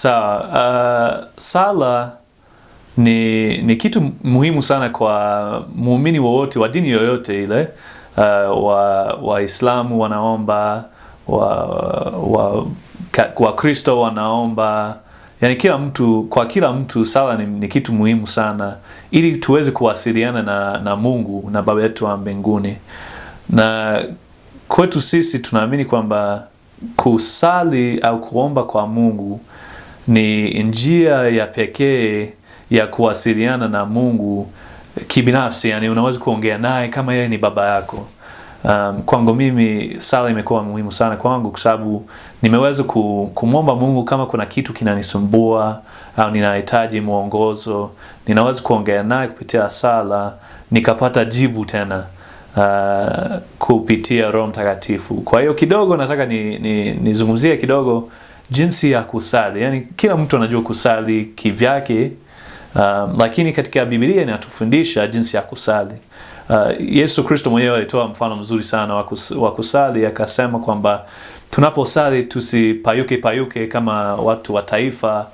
Sawa. Uh, sala ni, ni kitu muhimu sana kwa muumini wowote wa dini yoyote ile. Uh, wa Waislamu wanaomba, Wakristo wa, wa wanaomba, yani kila mtu, kwa kila mtu sala ni, ni kitu muhimu sana ili tuweze kuwasiliana na, na Mungu na Baba yetu wa mbinguni. Na kwetu sisi tunaamini kwamba kusali au kuomba kwa Mungu ni njia ya pekee ya kuwasiliana na Mungu kibinafsi, yani unaweza kuongea naye kama yeye ni baba yako. Um, kwangu mimi sala imekuwa muhimu sana kwangu kwa sababu nimeweza kumwomba Mungu kama kuna kitu kinanisumbua au ninahitaji mwongozo, ninaweza kuongea naye kupitia sala nikapata jibu tena uh, kupitia Roho Mtakatifu. Kwa hiyo kidogo nataka nizungumzie ni, ni kidogo jinsi ya kusali, yani kila mtu anajua kusali kivyake. Um, lakini katika Biblia inatufundisha jinsi ya kusali. Uh, Yesu Kristo mwenyewe alitoa mfano mzuri sana wa kusali, akasema kwamba tunaposali tusipayuke payuke kama watu wa taifa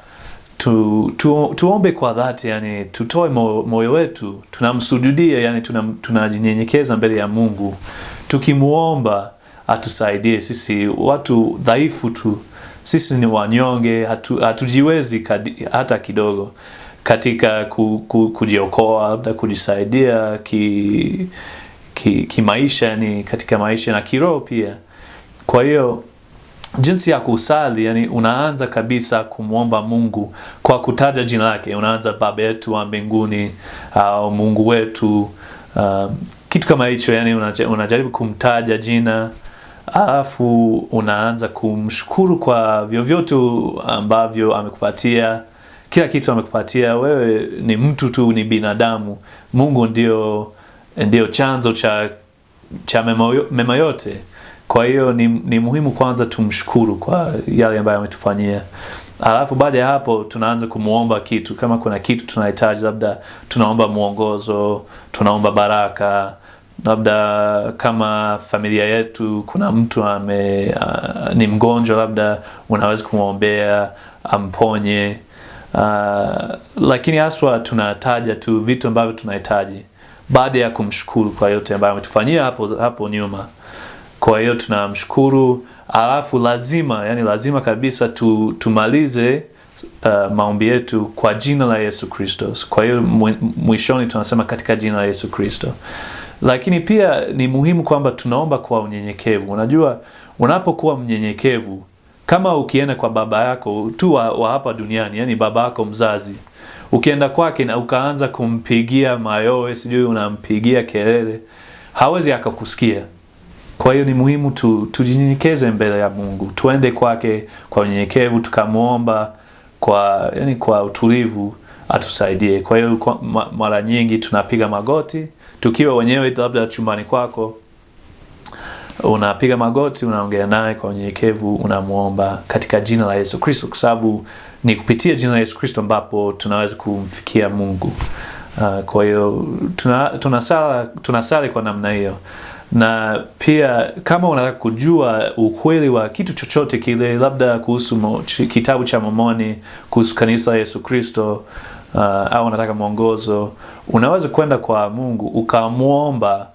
tu, tu, tuombe kwa dhati, yani tutoe moyo wetu, tunamsujudia, yani tunajinyenyekeza mbele ya Mungu tukimuomba atusaidie sisi watu dhaifu tu. Sisi ni wanyonge, hatu, hatujiwezi kadi, hata kidogo katika ku, ku, kujiokoa labda kujisaidia ki kimaisha ki ni katika maisha na kiroho pia. Kwa hiyo jinsi ya kusali yani, unaanza kabisa kumwomba Mungu kwa kutaja jina lake. Unaanza baba yetu wa mbinguni au Mungu wetu, um, kitu kama hicho yani, unajaribu kumtaja jina alafu unaanza kumshukuru kwa vyovyote ambavyo amekupatia. Kila kitu amekupatia wewe, ni mtu tu, ni binadamu. Mungu ndio ndio chanzo cha cha mema yote. Kwa hiyo ni, ni muhimu kwanza tumshukuru kwa yale ambayo ametufanyia, alafu baada ya hapo tunaanza kumwomba kitu. Kama kuna kitu tunahitaji, labda tunaomba mwongozo, tunaomba baraka labda kama familia yetu kuna mtu ame uh, ni mgonjwa, labda unaweza kumwombea amponye. Uh, lakini haswa tunataja tu vitu ambavyo tunahitaji baada ya kumshukuru kwa yote ambayo ametufanyia hapo, hapo nyuma. Kwa hiyo tunamshukuru, alafu lazima yani lazima kabisa tu, tumalize uh, maombi yetu kwa jina la Yesu Kristo. Kwa hiyo mwishoni tunasema katika jina la Yesu Kristo. Lakini pia ni muhimu kwamba tunaomba kwa unyenyekevu. Unajua, unapokuwa mnyenyekevu, kama ukienda kwa baba yako tu wa, wa hapa duniani, yani baba yako mzazi, ukienda kwake na ukaanza kumpigia mayowe, sijui unampigia kelele, hawezi akakusikia. Kwa hiyo ni muhimu tu, tujinyenyekeze mbele ya Mungu, tuende kwake kwa unyenyekevu, tukamwomba kwa, yani kwa utulivu atusaidie. Kwa hiyo ma, mara nyingi tunapiga magoti tukiwa wenyewe, labda chumbani kwako unapiga magoti, unaongea naye kwa unyenyekevu, unamwomba katika jina la Yesu Kristo, kwa sababu ni kupitia jina la Yesu Kristo ambapo tunaweza kumfikia Mungu. Uh, kwa hiyo tunasali tuna, tuna kwa namna hiyo na pia kama unataka kujua ukweli wa kitu chochote kile, labda kuhusu mo, kitabu cha Mormoni, kuhusu kanisa la Yesu Kristo uh, au unataka mwongozo, unaweza kwenda kwa Mungu ukamwomba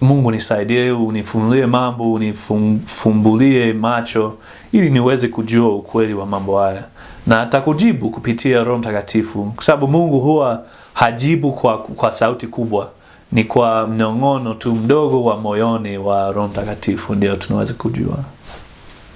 Mungu, nisaidie, unifumulie mambo, unifumbulie macho ili niweze kujua ukweli wa mambo haya, na atakujibu kupitia Roho Mtakatifu, kwa sababu Mungu huwa hajibu kwa, kwa sauti kubwa ni kwa mnong'ono tu mdogo wa moyoni wa Roho Mtakatifu ndio tunaweza kujua.